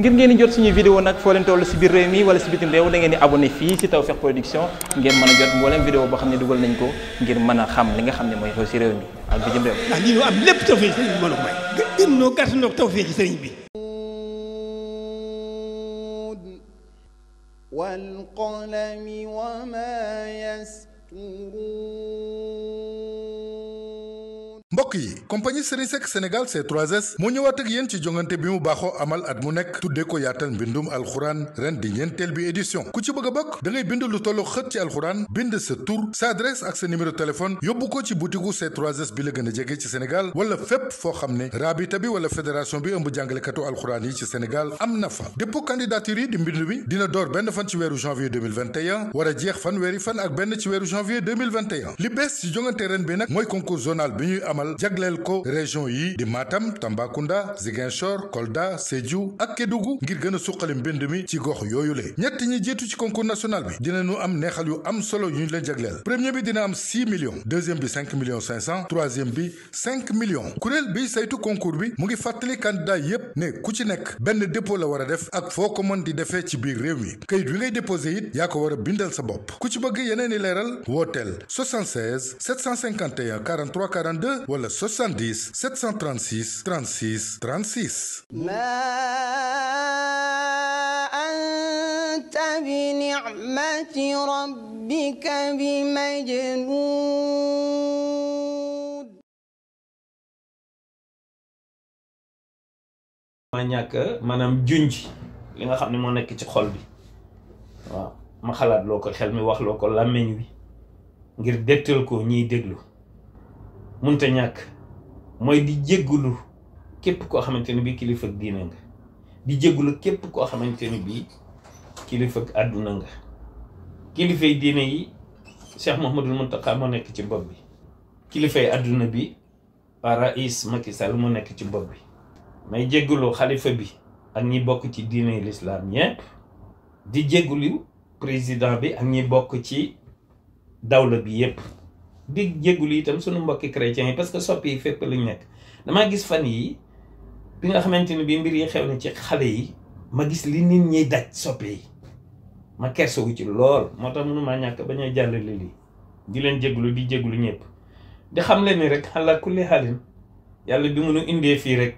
ngir ngeen di jot suñuy vidéo nag foo leen si biir réew mi wala si bitim réew da ngeen di abonné fii si Tawfekh Production ngeen mën a jot mboolem vidéo boo xam ne dugal nañ ko ngir mën a xam li nga xam ne mooy xew si réew mi ak bitim réew. ndax lii ñu am lépp a ko may. gën sëriñ bi. mbokk yi compagnie Sénégal c 3 moo ñëwaat ak yéen ci jongante bi mu baaxoo amal at mu nekk tuddee ko yaatal mbindum alxuraan ren di ñeenteel bi édition ku ci bëgg a bokk da ngay bind lu tollu xët ci alxuraan bind sa tur sa adresse ak sa numéro téléphone yóbbu ko ci butiku c 3 bi la gën a jege ci Sénégal wala fépp foo xam ne raabita bi wala fédération bi ëmb jàngalekatu alxuraan yi ci Sénégal am na fa dépôt candidature yi di a jeex fan weeri fan ak benn ci jagleel ko région yi di maatam Tambacounda Ziguinchor Kolda Sédhiou ak Kédougou ngir gën a suqali mbind mi ci gox yooyu le ñett ñi jeetu ci concours national bi dinañu am neexal yu am solo yu ñu leen jagleel premier bi dina am 6 million deuxième bi 5 millions 500 troisième bi 5 millions kuréel bi saytu concours bi mu ngi fàttali candidat yépp ne ku ci nekk benn dépo la war a def ak foo ko mën di defee ci biir réew mi kayit wi ngay déposé it yaa ko war a bindal sa bopp ku ci bëgg yeneen i leeral wooteel 76 751 43 42 wala 70 736 36 36. ma ñàkk maanaam junj li nga xam ne moo nekk ci xol bi ma xalaat loo ko xel mi wax loo ko làmmiñ wi ngir dettal ko ñiy déglu te ñàkk mooy di jéggulu képp koo xamante ne bii kilifa diine nga di jéggulu képp koo xamante ne bii kilifa àdduna nga kilifay diine yi Cheikh Mouhamadoul Mountakha moo nekk ci bopp bi kilifay àdduna bi rais Macky Sall moo nekk ci bopp bi may jéggulu xalifa bi ak ñi bokk ci diine lislaam ñépp di jéggulu président bi ak ñi bokk ci dawla bi yépp di jéggulu itam suñu mbokki chrétiens yi parce que soppi yi fépp lañ nekk damaa gis fan yi bi nga xamante ni bi mbir yi xew na ci xale yi ma gis li nit ñi daj soppi yi ma kersogu ci lool moo tax mënumaa ñàkk ba ñuy jàllale lii di leen jéggulu di jéggulu ñépp di xam leen ni rek ala kulli xaalin yàlla bi mu indee fii rek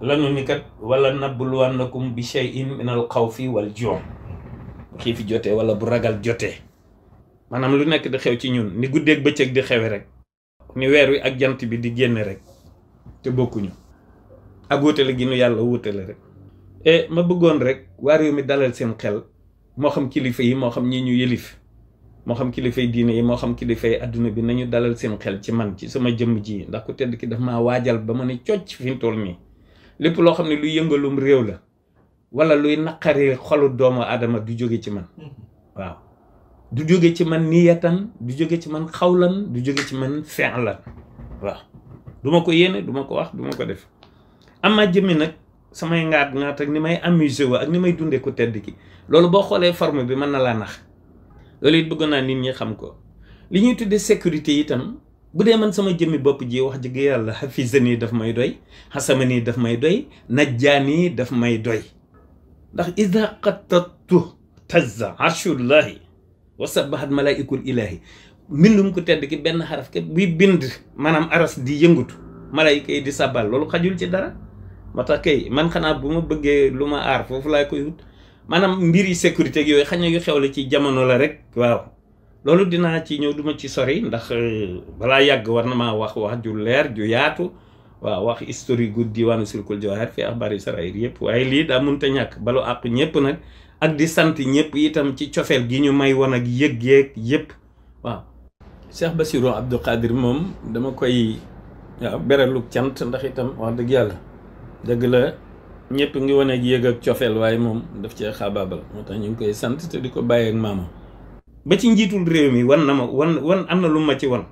lanu ni kat wala nabul wannakum bi shay'in min al xawfi wal joom bu xiifi jotee wala bu ragal jotee maanaam lu nekk di xew ci ñun ni guddeeg bëccëg di xewe rek ni weer wi ak jant bi di génne rek te bokkuñu ak wutale gi nu yàlla wutale rek e, ma bëggoon rek waa réew mi dalal seen xel moo xam kilifa yi moo xam ñi ñu yëlif moo xam kilifay diine yi moo xam kilifay adduna bi nañu dalal seen xel ci man ci sama jëmm ji ndax ku tedd ki daf ma waajal ba ma ne cocc fi toll nii lépp loo xam ne luy yëngalum réew la wala luy naqari xolu doomu aadama du jóge ci man mm-hmm. waaw du jóge ci man niyatan du jóge ci man xawlan du jóge ci man fi'lan waaw du ma ko yéene duma ko wax du ma ko def ama jëmmi nag samay ngaat ngaat ak ni may amuser wa ak ni may dundee ko tedd ki loolu boo xoolee forme bi mën na laa nax loolu it bëgg naa nit ñi xam ko li ñuy tuddee sécurité itam bu dee man sama jëmmi bopp ji wax dëgg yàlla xafisani dafa may doy nii daf may doy najjaani daf may doy ndax ida qatattu tazza wa sabaxat malaikul ilaahi mbindum ko tedd ki benn xaraf képp buy bind maanaam aras di yëngutu malayka yi di sabal loolu xajul ci dara moo tax kay man xanaa bu ma bëggee lu ma aar foofu laa koy wut mbir yi sécurité ak yooyu xañ na xew la ci jamono la rek waaw loolu dinaa ci ñëw duma ci sori ndax euh, balaa yàgg war na maa wax wax ju leer ju yaatu waaw wax historique gu diwaanu Silkul Jawahir fi axbaari sarair yëpp waaye lii daa mënta ñàkk balu àq ñëpp nag ak di sant ñëpp itam ci cofeel gi ñu may woon ak yëg-yëg yëpp waaw Cheikh Bassirou Abdou Khadir moom dama koy waaw berelu cant ndax itam wax dëgg yàlla dëgg la ñëpp ngi wane ak yëg ak cofeel waaye moom daf cee xaabaabal moo tax ñu ngi koy sant te di ko bàyyee ak ba ci njiitul réew mi wan na ma wan wan am na lu ma ci wan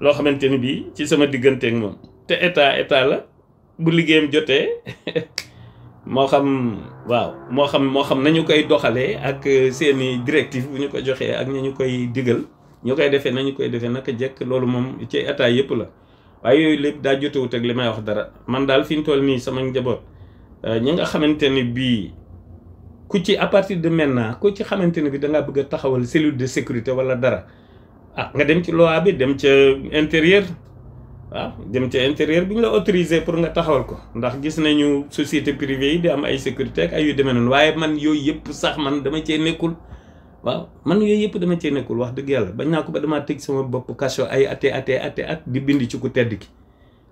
loo xamante ni bii ci sama digganteek moom te état état la bu liggéeyam jotee moo xam waaw moo xam moo xam nañu koy doxalee ak euh, seeni directive bu ñu ko joxee ak ñu ñu koy digal ñu koy defee nañu koy defee naka jekk loolu moom ci état yëpp la waaye yooyu lépp daa jotewut ak li may wax dara man daal fi ñu toll nii sama njaboot euh, ñi nga xamante ni bii ku ci à partir de maintenant ku ci xamante ni bi da ngaa bëgg a taxawal cellule de sécurité wala dara ah nga dem ci loi bi dem ca intérieur waaw ah, jëm ci intérieur bi ñu la autorisé pour nga taxawal ko ndax gis nañu société privée yi di am ay sécurité ak ay yu deme noonu waaye man yooyu yëpp sax man dama cee nekkul waaw man yooyu yëpp dama cee nekkul wax dëgg yàlla bañ naa ko ba damaa tëj sama bopp kaso ay ate ate ate at di bind ci ku tedd ki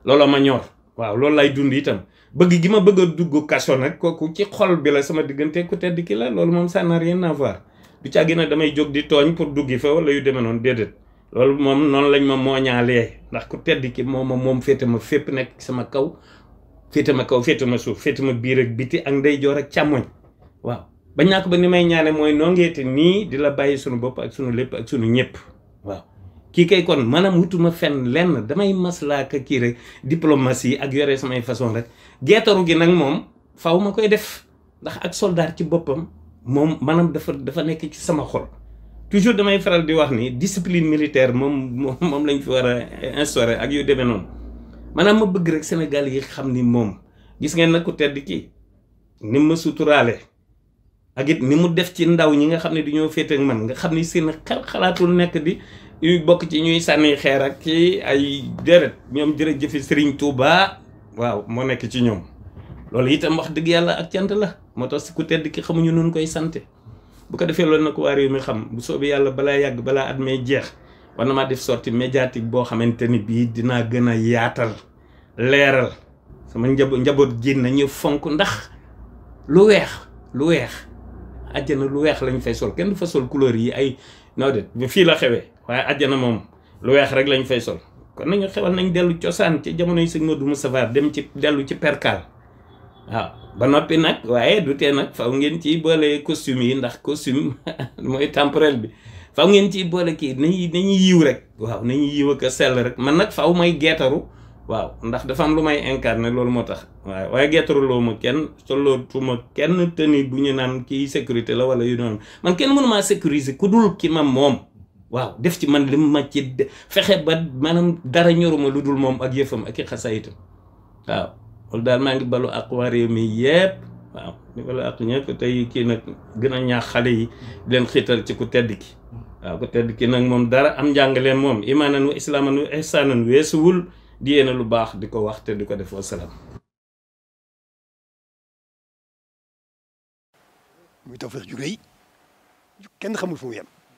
looloo ma ñor waaw loolu lay dund itam bëgg gi ma bëgg a dugg kaso nag kooku ci xol bi la sama diggante ku tedd ki la loolu moom ça n'a rien à voir du damay jóg di tooñ pour duggi fa wala yu demee noonu déedéet loolu moom noonu lañ ma mooñaalee ndax ku tedd ki moom ma moom féete ma fépp nekk sama kaw féete ma kaw féete ma suuf féete ma biir ak biti ak ndeyjoor ak càmmoñ waaw ba ñàkk ba ni may ñaane mooy noo nii di la bàyyi sunu bopp ak sunu lépp ak sunu ñëpp waaw kii kay kon maanaam wutuma fenn lenn damay maslaaka kii rek diplomatie ak yore samay façon rek geetaru gi nag moom faw ma koy def ndax ak soldat ci boppam moom maanaam dafa dafa nekk ci sama xol toujours damay faral di wax ni discipline militaire moom moom lañ fi war a instauré ak yu demee noonu maanaam ma bëgg rek Sénégal yi xam ni moom gis ngeen nag ku tedd ki ni ma suturaale ak it ni mu def ci ndaw ñi nga xam ne dañoo féete ak man nga xam ni seen xel xalaatul nekk di yuy bokk ci ñuy sànni xeer ak ki ay deret ñoom jërëjëf Serigne Touba waaw moo nekk ci ñoom loolu itam wax dëgg yàlla ak cant la moo tax si ku tedd ki xamuñu noonu koy sante bu ko defee loolu na ko waa réew mi xam bu soobee yàlla balaa yàgg balaa at may jeex war na maa def sortie médiatique boo xamante ni bii dinaa gën a yaatal leeral sama njabo njaboot génn nañu fonk ndax lu weex lu weex àjjana lu weex lañu fay sol kenn du fa sol couleur yi ay noo de fii la xewee waaye àjjana moom lu weex rek lañu fay sol kon nañu xewal nañu dellu cosaan ci jamono jamonoy sëñ mu Moustapha dem ci dellu ci perkal waaw ba noppi nag waaye du tee nag faw ngeen ci boole costume yi ndax kostume mooy temporel bi faw ngeen ciy boole kii nañu nañu yiw rek waaw ñu yiw ko sell rek man nag faw may geetaru waaw ndax dafa am lu may incarne loolu moo tax waaw waaye geetaruloo ma kenn solootuma kenn tenue bu ñu naan kii sécurité la wala yu noonu man kenn mënu maa sécuriser ku dul ki ma moom waaw def ci man li ma ci fexe ba maanaam dara ñoruma lu dul moom ak yëfam ak i xasaayitam loolu daal maa ngi balu ak waa réew mi yëpp waaw di balu ak ñëpp tey kii nag gën a ñaax xale yi di leen xiital ci ku tedd ki waaw ku tedd ki nag moom dara am njàngaleen moom imaanan wa islaaman wa ihsaanan weesuwul di yéene lu baax di ko wax te di ko def wasalaam muy tawfeex ju rëy kenn xamul fu mu yem